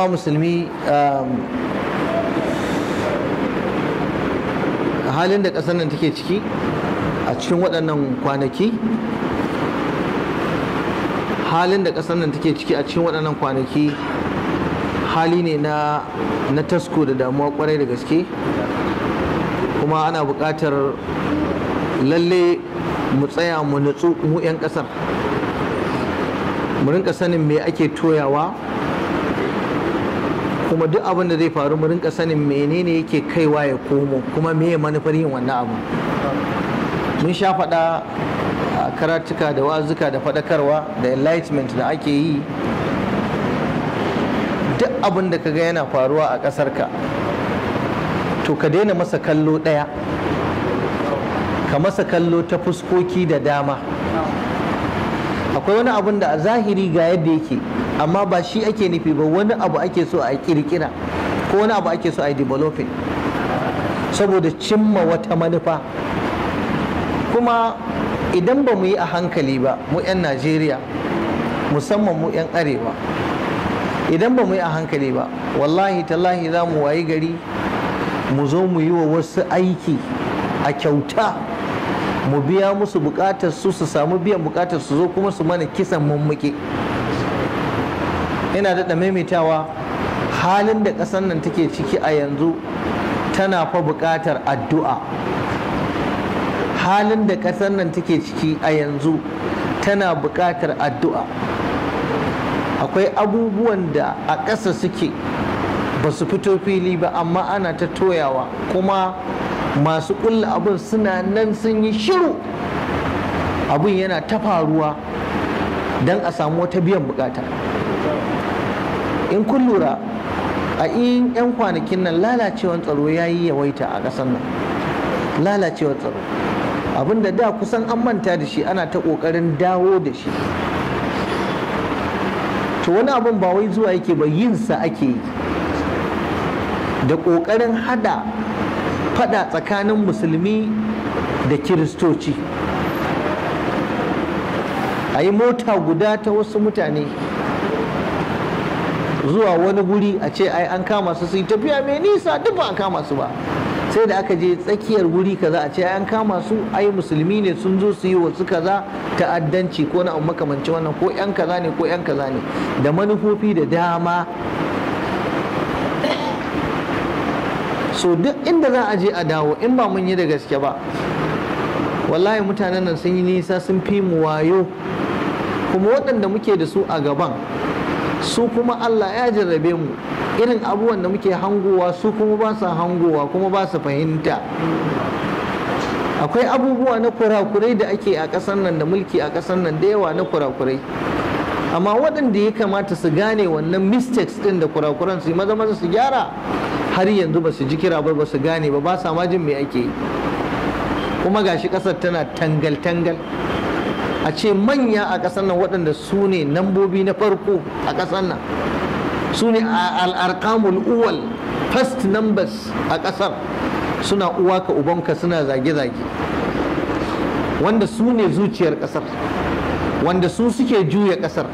musulmi um, halin da kasar nan take ciki a cikin waɗannan kwanaki halin da kasar nan take ciki a cikin waɗannan kwanaki hali ne na na tasko da damuwa kwarai da gaske kuma ana buƙatar lalle mu tsaya mu nutsu mu 'yan ƙasar mu rinka sanin me ake toyawa kuma duk abin da zai faru mu rinka sanin menene yake kaiwa ya komo kuma ya manufar yin wannan abu mun sha faɗa a karatuka da wazuka da faɗakarwa da enlightenment da ake yi duk abin da ga yana faruwa a ka. to ka daina masa kallo ɗaya ka masa kallo ta fuskoki da dama akwai wani abin da a zahiri ga yadda yake amma ba shi ake nufi ba wani abu ake so a kirkira ko wani abu ake so a developing saboda cimma wata manufa kuma idan ba mu yi a hankali ba mu 'yan najeriya musamman mu 'yan arewa idan ba mu yi a hankali ba wallahi tallahi za mu wayi gari mu zo mu yi wa wasu aiki a kyauta mu biya musu bukatar su su samu biyan bukatar su zo kuma su mana kisan mummuke. ina daɗa maimaitawa halin da ƙasar nan take ciki a yanzu tana fa buƙatar addu'a halin da ƙasar nan take ciki a yanzu tana buƙatar addu'a akwai abubuwan da a ƙasa suke ba su fito fili ba amma ana ta toyawa kuma masu ƙulla abin suna nan sun yi shiru abin yana ta faruwa don a samu wata biyan buƙata in kun lura a in 'yan kwanakin nan lalacewar tsaro ya yi yawaita a ƙasar nan lalacewar tsaro abinda da kusan an manta da shi ana ta ƙoƙarin dawo da shi to wani abin ba wai zuwa yake ba yinsa ake yi da ƙoƙarin hada fada tsakanin musulmi da kiristoci a yi mota guda ta wasu mutane zuwa wani guri a ce ai an kama su su yi tafiya mai nisa duk ba a kama su ba sai da aka je tsakiyar guri kaza a ce an kama su ai musulmi ne sun zo su yi wasu kaza ta'addanci ko na makamanci wannan ko yan kaza ne ko yan kaza ne da manufofi da dama so duk inda za a je a dawo in ba mun yi da gaske ba wallahi mutanen nan sun yi nisa sun fi mu wayo kuma waɗanda muke da su a gaban su kuma Allah ya jarrabe mu irin abubuwan da muke hangowa su kuma ba su hangowa kuma ba su fahimta akwai abubuwa na kurakurai da ake a ƙasar nan da mulki a ƙasar nan da yawa na kurakurai amma waɗanda ya kamata su gane wannan mistakes ɗin da kurakuran su yi maza maza su gyara har yanzu ba su ji kira ba ba su gane ba ba sa ma me ake yi kuma gashi ƙasar tana tangal tangal a ce manya a ƙasar nan waɗanda su ne nambobi na farko a ƙasar nan su ne al'arkamul uwal first numbers a ƙasar suna uwa ka ubanka suna zage-zage wanda su ne zuciyar ƙasar wanda su suke juya ƙasar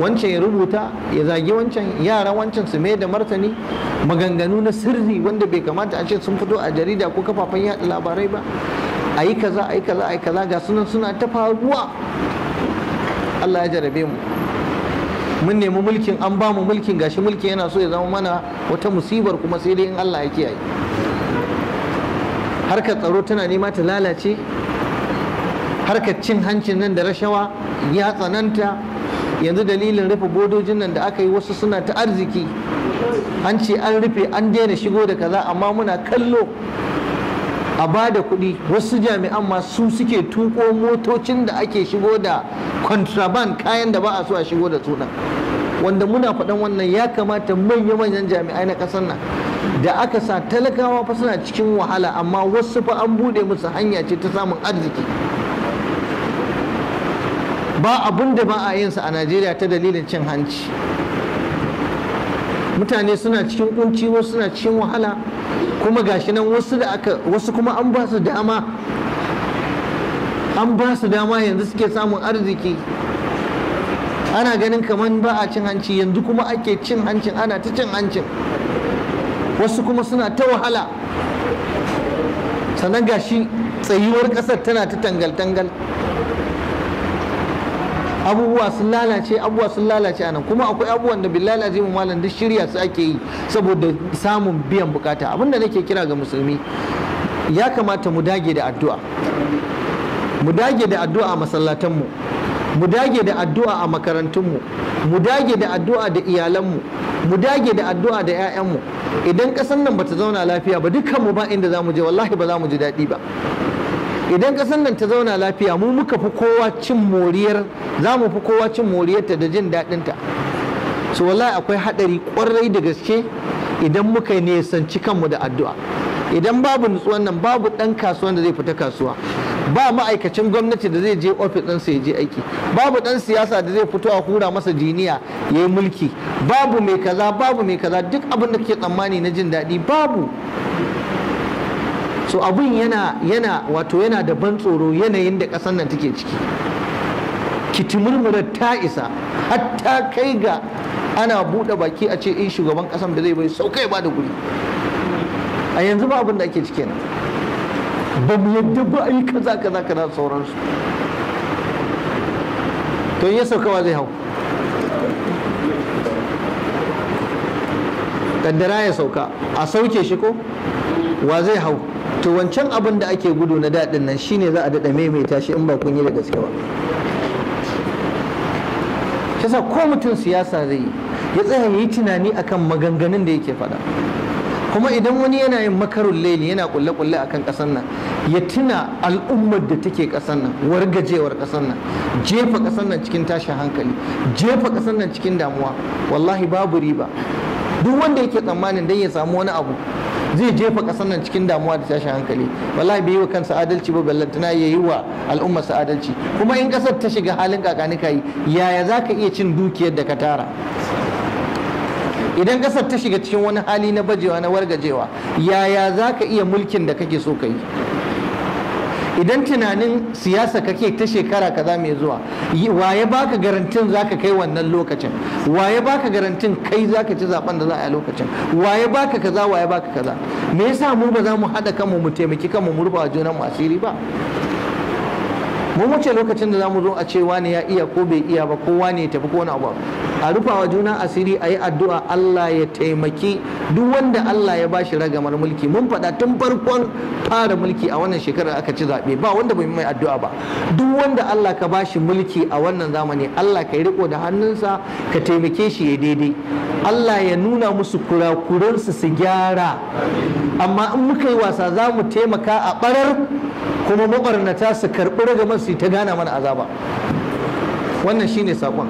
wancan ya rubuta ya zagi wancan yara wancan su mai da martani maganganu na sirri wanda bai kamata a ce sun fito a jarida ko kafafen yaɗa labarai ba a yi kaza a yi kaza a yi kaza ga sunan suna ta faruwa Allah ya jarabe mu mun nemi mulkin an ba mu mulkin gashi mulkin yana so ya zama mana wata musibar kuma sai dai in Allah ya kiyaye harkar tsaro tana nema ta lalace harkar cin hancin nan da rashawa ya tsananta yanzu dalilin rufe bodojin nan da aka yi wasu suna ta arziki an ce an rufe an daina shigo da kaza amma muna kallo a ba da kuɗi wasu jami'an ma su suke tuko motocin da ake shigo da contraband kayan da ba a so a shigo da suna wanda muna faɗan wannan ya kamata manya-manyan jami'ai na ƙasar nan da aka sa talakawa fa suna cikin wahala amma wasu fa an buɗe musu hanya ce ta samun arziki ba abun da ba a yinsa a najeriya ta dalilin cin hanci mutane suna cikin kunci wasu suna cikin wahala kuma gashi nan wasu da aka wasu kuma an ba su dama an ba su dama yanzu suke samun arziki ana ganin kamar ba a cin hanci yanzu kuma ake cin hancin ana ta cin hancin wasu kuma suna ta wahala sannan gashi tsayuwar ƙasar tana ta tangal-tangal abubuwa sun lalace abubuwa sun lalace anan kuma akwai abubuwan da billahi azimu malam duk shirya su ake yi saboda samun biyan bukata abinda nake kira ga musulmi ya kamata mu dage da addu'a mu dage da addu'a a masallatanmu mu dage da addu'a a makarantunmu mu dage da addu'a da iyalanmu mu dage da addu'a da 'ya'yanmu idan ƙasar nan bata zauna lafiya ba dukkanmu ba inda za je wallahi ba za mu ji daɗi ba idan ƙasar nan ta zauna lafiya mu muka fi kowa cin moriyar za mu fi kowa cin moriyarta da jin daɗinta so wallahi akwai haɗari ƙwarai da gaske idan muka nesanci kanmu da addu'a idan babu nutsuwan nan babu ɗan kasuwan da zai fita kasuwa ba ma'aikacin gwamnati da zai je ofis ɗinsa ya je aiki babu ɗan siyasa da zai fito a hura masa jiniya ya yi mulki babu mai kaza babu mai kaza duk abin da kake tsammani na jin daɗi babu so abin yana yana wato yana da ban tsoro yanayin da kasan nan take ciki kitimurmurar ta isa hatta kai ga ana buɗe baki a ce in eh, shugaban ƙasar da zai bai saukai ba da guri a yanzu ba abin da ake ciki nan ba mu yadda ba a yi kaza kaza kaza sauransu to ya saukawa zai hau kaddara ya sauka a sauke shi ko wa zai hau to wancan abin da ake gudu na daɗin nan shine za a daɗa maimaita shi in ba kun yi da gaske ba kisa ko mutum siyasa zai yi ya tsaya ya yi tunani akan maganganun da yake faɗa kuma idan wani yana yin makarun laili yana kulle-kulle a kan ƙasar nan ya tuna al'ummar da take ƙasar nan wargajewar ƙasar nan jefa ƙasar nan cikin tashin hankali jefa ƙasar nan cikin damuwa wallahi babu riba duk wanda yake tsammanin dan ya samu wani abu zai jefa ƙasar nan cikin damuwa da tashin hankali wallahi bai yi wa kansa adalci ba ballantana ya yi wa al'umma su adalci kuma in ƙasar ta shiga halin kakanika yi yaya za ka iya cin dukiyar da ka tara idan ƙasar ta shiga cikin wani hali na bajewa na wargajewa yaya za ka iya mulkin da kake so ka yi idan tunanin siyasa kake ta shekara kaza mai zuwa waye baka garantin zaka kai wannan lokacin waye baka garantin kai zaka ci zaben da za a yi lokacin waye baka kaza waye baka kaza me yasa mu ba za mu haɗa kanmu mu taimaki kanmu mu rubawa junan mu asiri ba mu wuce lokacin da za mu zo a ce wani ya iya ko bai iya ba ko wani ya tafi ko wani abu a rufawa juna asiri a yi addu'a Allah ya taimaki duk wanda Allah ya bashi ragamar mulki mun faɗa tun farkon fara mulki a wannan shekarar aka ci zaɓe ba wanda bai mai addu'a ba duk wanda Allah ka bashi mulki a wannan zamani Allah ka yi riko da hannunsa ka taimake shi ya daidai Allah ya nuna musu kurakuransu su gyara amma in muka yi wasa za mu taimaka a ɓarar kuma maɓarnata su karɓi ragamar su ta gana mana azaba wannan shine sakon.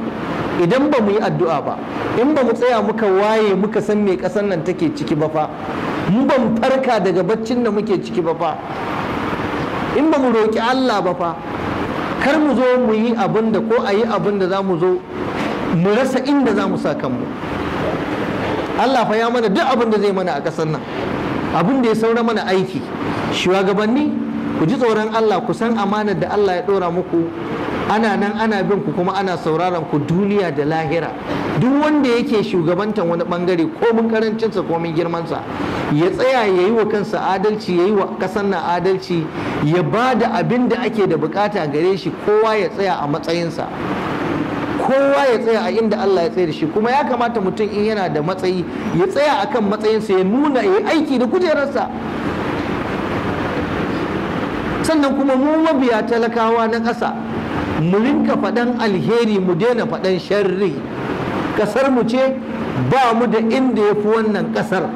idan ba mu yi addu'a ba in ba mu tsaya muka waye muka san me ƙasar nan take ciki ba fa mu ban farka daga baccin da muke ciki ba fa in ba mu roƙi Allah ba fa kar mu zo mu yi abin da ko a yi abin da za mu zo mu rasa inda za mu sa kanmu Allah fa ya mana duk abin da zai mana a ƙasar nan abin da ya saura mana aiki shugabanni ku ji tsoron Allah ku san amanar da Allah ya ɗora muku ana nan ana bin ku kuma ana sauraron ku duniya da lahira duk wanda yake shugabantan wani bangare ko mun karancinsa ko mun girmansa ya tsaya ya yi wa kansa adalci ya yi wa kasan na adalci ya ba da abin da ake da bukata gare shi kowa ya tsaya a matsayinsa kowa ya tsaya a inda Allah ya tsaya da shi kuma ya kamata mutum in yana da matsayi ya tsaya akan matsayinsa ya nuna ya yi aiki da kujerarsa sannan kuma mu mabiya talakawa na ƙasa mu rinka faɗan alheri mu daina faɗan sharri ƙasar mu ce ba mu da inda ya fi wannan ƙasar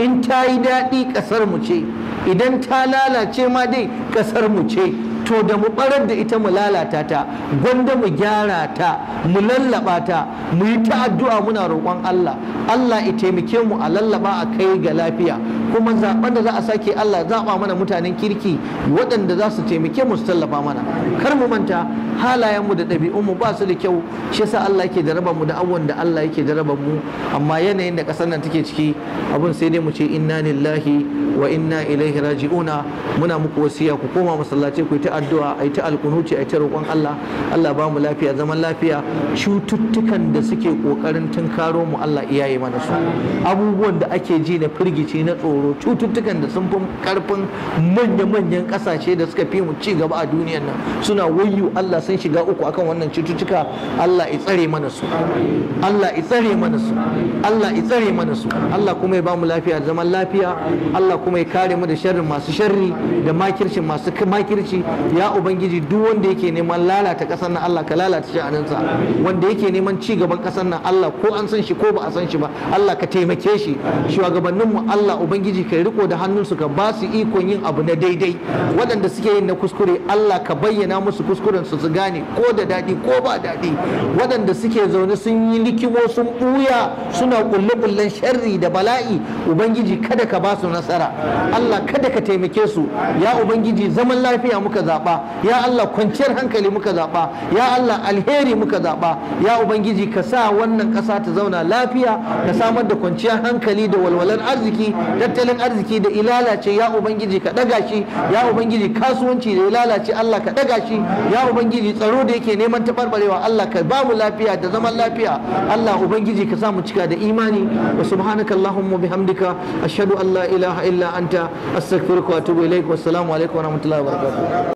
in ta yi daɗi ƙasar mu ce idan ta lalace ma dai ƙasar mu ce to da mu ɓarar da ita mu lalata ta gwanda mu gyara ta mu lallaba ta mu yi ta addu'a muna roƙon Allah Allah ya taimake mu a lallaba a kai ga lafiya kuma zaɓen da za a sake Allah zaɓa mana mutanen kirki waɗanda za su taimake mu su tallafa mana kar mu manta halayenmu da ɗabi'unmu ba su da kyau shi yasa Allah yake jaraba mu da abubuwan da Allah yake jaraba mu amma yanayin da ƙasar nan take ciki abun sai dai mu ce inna lillahi wa inna ilaihi raji'una muna muku wasiya ku koma masallaci ku yi ta addu'a ai ta a ai ta roƙon Allah Allah ba mu lafiya zaman lafiya cututtukan da suke ƙoƙarin tunkaro mu Allah iyaye mana su abubuwan da ake ji na firgici na tsoro sauro cututtukan da sun fi karfin manya-manyan kasashe da suka fi mu ci gaba a duniyar nan suna wayu Allah sun shiga uku akan wannan cututtuka Allah ya tsare mana su Allah ya tsare mana su Allah ya tsare mana su Allah kuma ya ba mu lafiya da zaman lafiya Allah kuma ya kare mu da sharrin masu sharri da makircin masu makirci ya ubangiji duk wanda yake neman lalata kasar nan Allah ka lalata shi sa. wanda yake neman ci gaban kasar nan Allah ko an san shi ko ba a san shi ba Allah ka taimake shi shugabanninmu Allah ubangiji ubangiji kai riko da hannunsu ka ba su ikon yin abu na daidai waɗanda suke yin na kuskure Allah ka bayyana musu kuskuren su su gane ko da daɗi ko ba daɗi waɗanda suke zaune sun yi likimo sun ɓuya suna ƙulle kullen sharri da bala'i ubangiji kada ka ba su nasara Allah kada ka taimake su ya ubangiji zaman lafiya muka zaɓa ya Allah kwanciyar hankali muka zaɓa ya Allah alheri muka zaɓa ya ubangiji ka sa wannan ƙasa ta zauna lafiya ka samar da kwanciyar hankali da walwalar arziki da tattalin arziki da ilalace ya ubangiji ka daga shi ya ubangiji kasuwanci da ilalace Allah ka daga shi ya ubangiji tsaro da yake neman tabarbarewa Allah ka ba mu lafiya da zaman lafiya Allah ubangiji ka samu cika da imani wa subhanaka allahumma bihamdika ashhadu an la ilaha illa anta astaghfiruka wa atubu ilaik wa assalamu alaikum wa rahmatullahi wa barakatuh